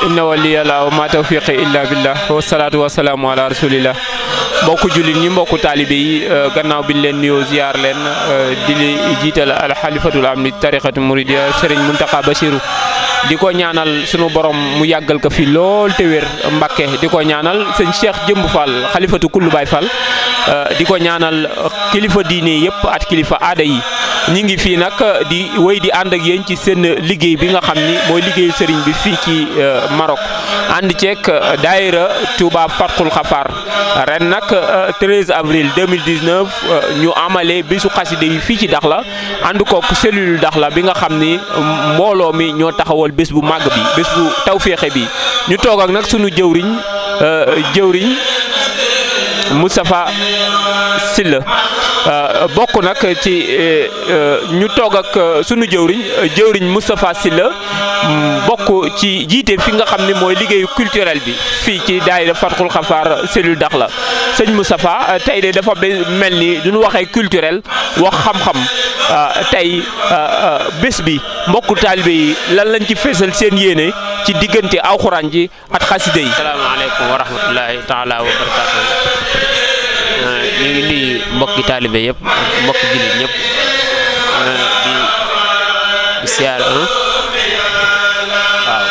inna waliyallah wa ma tawfiqi illa billah wasalaatu wasalaamu ala rasulillah mbokku jullit ñi mbokku taalibe yi euh, gannaaw biñ leen nuyoo ziar leen euh, di jiital alxalifatul am di tariqatu muridiya sëriñ Muntaqa Basiru di ko ñaanal sunu borom mu yàggal ko fi lool te wér Mbàkke di ko ñaanal sëñ Cheikh Jëmb Fall xalifatu kullu Baay Fall Euh, di ko ñaanal kilifa diine yëpp ak kilifa aada yi ñi ngi fii nag euh, di wéy di ànd ak yéen ci seen liggéey bi nga xam ni mooy liggéeyu sëriñ bi fii ci euh, Maroc ànd ceeg daayira Touba Fathul Xafaar ren nag 13 avril 2019 ñu amale bisu xaside yi fii ci Dakhla ànd kook cellule la bi nga xam ni mbooloo mi ñoo taxawal bés bu màgg bi bés bu tawféexe bi ñu toog ak nag sunu jëwriñ jëwriñ Moustapha Sylla euh, bokk nag ci euh, ñu toog ak euh, sunu jëwriñ jëwriñ Moustapha Sylla mm, bokk ci jiite fi nga xam ni mooy liggéeyu culturel bi fii ci daayira Fatxul Xafaar dax la sëñ Moustapha tey de dafa mel ni duñu waxee culturel wax xam-xam tey bés bi mbokku taalibe yi lan lañ ci feesal seen yéene ci diggante alxuraan ji ak xasida yi. asalaamaaleykum wa rahmatullahi taala wa barakaatu. ñu ngi nuyu mbokki taalibe yëpp mbokki jullit ñëpp di di siyaar hmm? waaw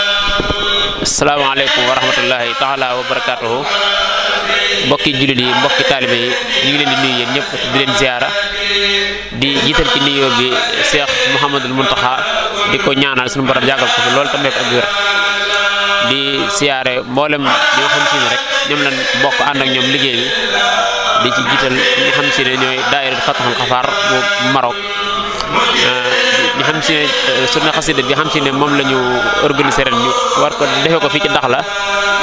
salaamaaleykum wa rahmatullahi mbokki jullit yi mbokki taalibe yi ñu ngi leen di nuyu yéen ñëpp di leen ziyaara di jiital ci nuyoo bi Cheikh Mouhamadul Mountakha di ko ñaanal suñu borom yàggal ko fi loolu tamit ak wér di siyaare mboolem ñoo xam si rek ñoom lañ bokk ànd ak ñoom liggéey di ci jiital ñu xam si ne ñooy daayira Fatahul Xafaar bu Maroc euh, ñi xam si ne euh, sunna xasida bi xam si ne moom la ñu organiser ren ñu war ko defee ko fii ci ndax la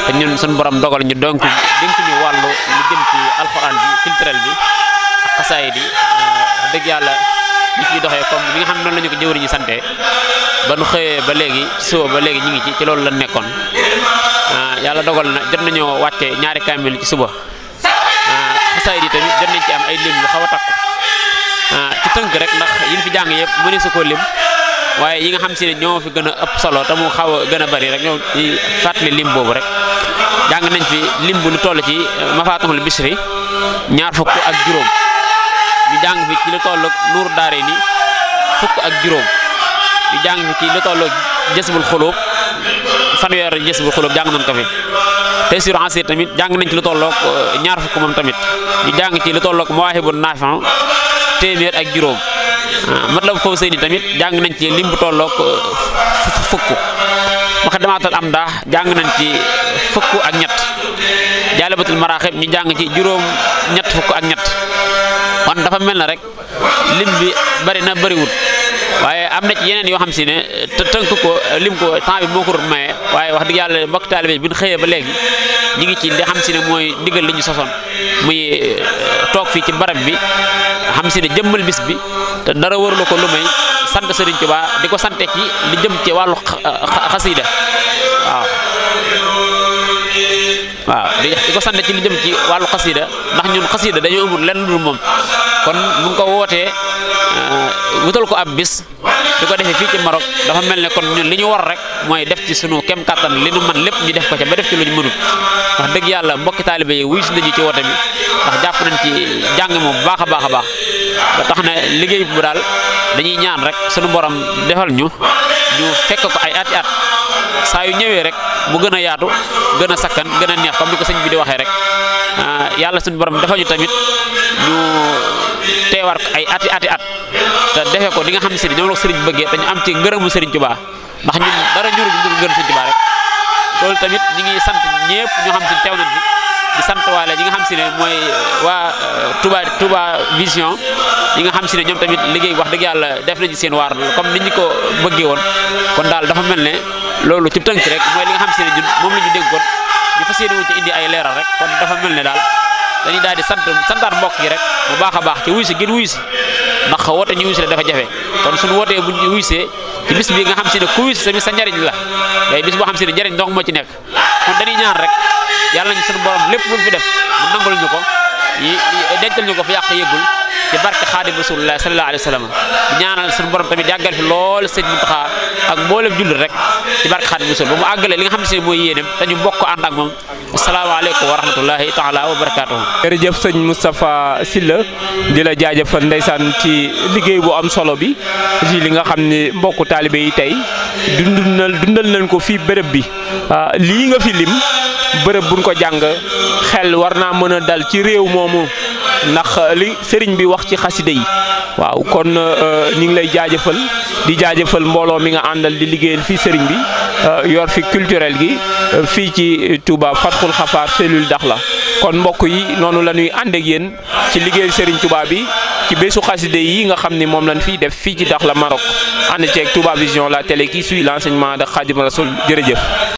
te ñun suñu borom dogal ñu donc dénk ñu wàllu lu jëm ci alxuraan bi culturel bi ak xasaay bi wax euh, yàlla ñu ciy doxee comme li nga xam ne noonu la ñu ko jëwriñu sante ba nu xëyee ba léegi suba ba léegi ñu ngi ci ci loolu la nekkoon yàlla dogal na jot nañoo wàcce ñaari kaamil ci suba xasaayid yi tamit jot nañ ci am ay lim yu xaw a takku ah, ci tënk rek ndax yi fi jàng yëpp mënee su koo lim waaye yi nga xam si ne ñoo fi gën a ëpp solo te mu xaw a gën a bari rek ñoo ci fàttali lim boobu rek jàng nañ fi lim bu lu toll ci mafaatihul bisri ñaar fukk ak juróom ñu jàng fi ci lu toll nuur daare ni fukk ak juróom ñu jàng fi ci lu toll jësbul xulóob fanweer gis bu xulub jàng nañ ko fi tey sur ansir tamit jàng nañ ci lu tollook euh, ñaar fukk moom tamit ñu jàng ci lu tollook mawaahibun naafi'un téeméer ak juróom ah, matlab foofu sëy ni tamit jàng nañ ci lim bu tollook euh, fukk muqaddamatul amdah jàng nañ ci fukk ak ñett jaalibatul maraaxib ñu jàng ci juróom ñett fukk ak ñett kon dafa mel na rek lim bi bari na bariwul waaye am na ci yeneen yoo xam si ne tënk ko lim ko temps bi moo ko doon maye waaye wax dëgg yàlla mbokk taalibe bi ñu xëyee ba léegi ñu ngi ci li xam si ne mooy ndigal li ñu sosoon muy eh, toog fii ci barab bi xam si ne jëmmal bis bi te dara warula ko lu may sant Serigne Touba di ko sante ci li jëm ci wàllu xasida waaw waaw di ko sant ci lu jëm ci wàllu xasida ndax ñun xasida dañoo amul lenn lu moom kon mu ko wootee wutal ko ab bis di ko defee fii ci Maroc dafa mel ne kon ñun li ñu war rek mooy def ci sunu kem kàttan li nu man lépp ñu def ko ca ba def ci lu ñu mënut wax dëgg yàlla mbokki taalibe yi wuy si nañu ci woote bi ndax jàpp nañ ci jàng moom baax a baax a baax ba tax na liggéey bu daal dañuy ñaan rek sunu borom defal ñu ñu fekk ko ay at i at saa yu ñëwee rek mu gën a yaatu gën a sakkan gën a neex comme ni ko sëñ bi di waxee rek ah, yàlla sunu borom defal teewaat ko ay ati ati at te defe ko li nga xam ne si ne ñoom la ko sëriñ bëggee dañu am ci ngërëmu sëriñ Tuubaa ndax ñun dara ñuru ñu dul ngërëm sëriñ Tuubaa rek loolu tamit ñi sant ñëpp ñoo xam si teew nañ fi di sant waale ñi nga xam si ne mooy euh, waa euh, Touba Touba vision yi nga xam si ne ñoom tamit liggéey wax dëgg yàlla def nañu seen waar comme ni ñu ko bëggee woon kon daal dafa mel ne loolu ci tënk rek mooy li nga xam si ne ñun moom la ñu déggoon ñu fas yéene ci indi ay leeral rek kon dafa mel ne daal dañuy daal di sant santaat mbokk yi rek bu baax a baax ci wuy si gën wuy si ndax woote ñu la dafa jafe kon suñu wootee bu ñu wuy bis bi nga xam si ne ku wuy sa njariñ la day bis boo xam si ne njariñ donc moo ci nekk kon dañuy ñaan rek yàlla nañu suñu borom lépp lu fi def mu nangul ñu ko yi dencal ñu ko fi yàq yëggul ci barke xaadim rasulullah sallallahu alayhi wa sallam ñaanal suñu borom tamit yàggal fi lool sëñ Muntaxa ak mboole jullit rek ci barke xaadim ba mu àggale li nga xam si ne mooy yéenem te ñu bokk ànd ak moom asalaamaaleykum wa rahmatullahi taala wa barakaatuhu. jërëjëf sëñ Moustapha Sylla di la jaajëfal ndeysaan ci liggéey bu am solo bi ci li nga xam ne mbokku taalibe yi tey dundal nañ ko fii bërëb bi ah, lii nga fi lim bërëb buñ ko jàng xel war naa mën a dal ci réew moomu. ndax euh, li sëriñ bi wax ci xasida yi waaw kon euh, euh, ñu ngi lay jaajëfal di jaajëfal mbooloo mi nga àndal di liggéeyal fii sëriñ bi yor fi culturel gi fii ci Touba Fatxul Xafaar dax la kon mbokk yi noonu la ñuy ànd yéen ci liggéeyal sëriñ tubaab bi ci bésu xaside yi nga xam ni moom lañ fii def fii ci dax la Maroc ànd ceeg Touba Vision la télé qui suit l'enseignement de Khadim sol jërëjëf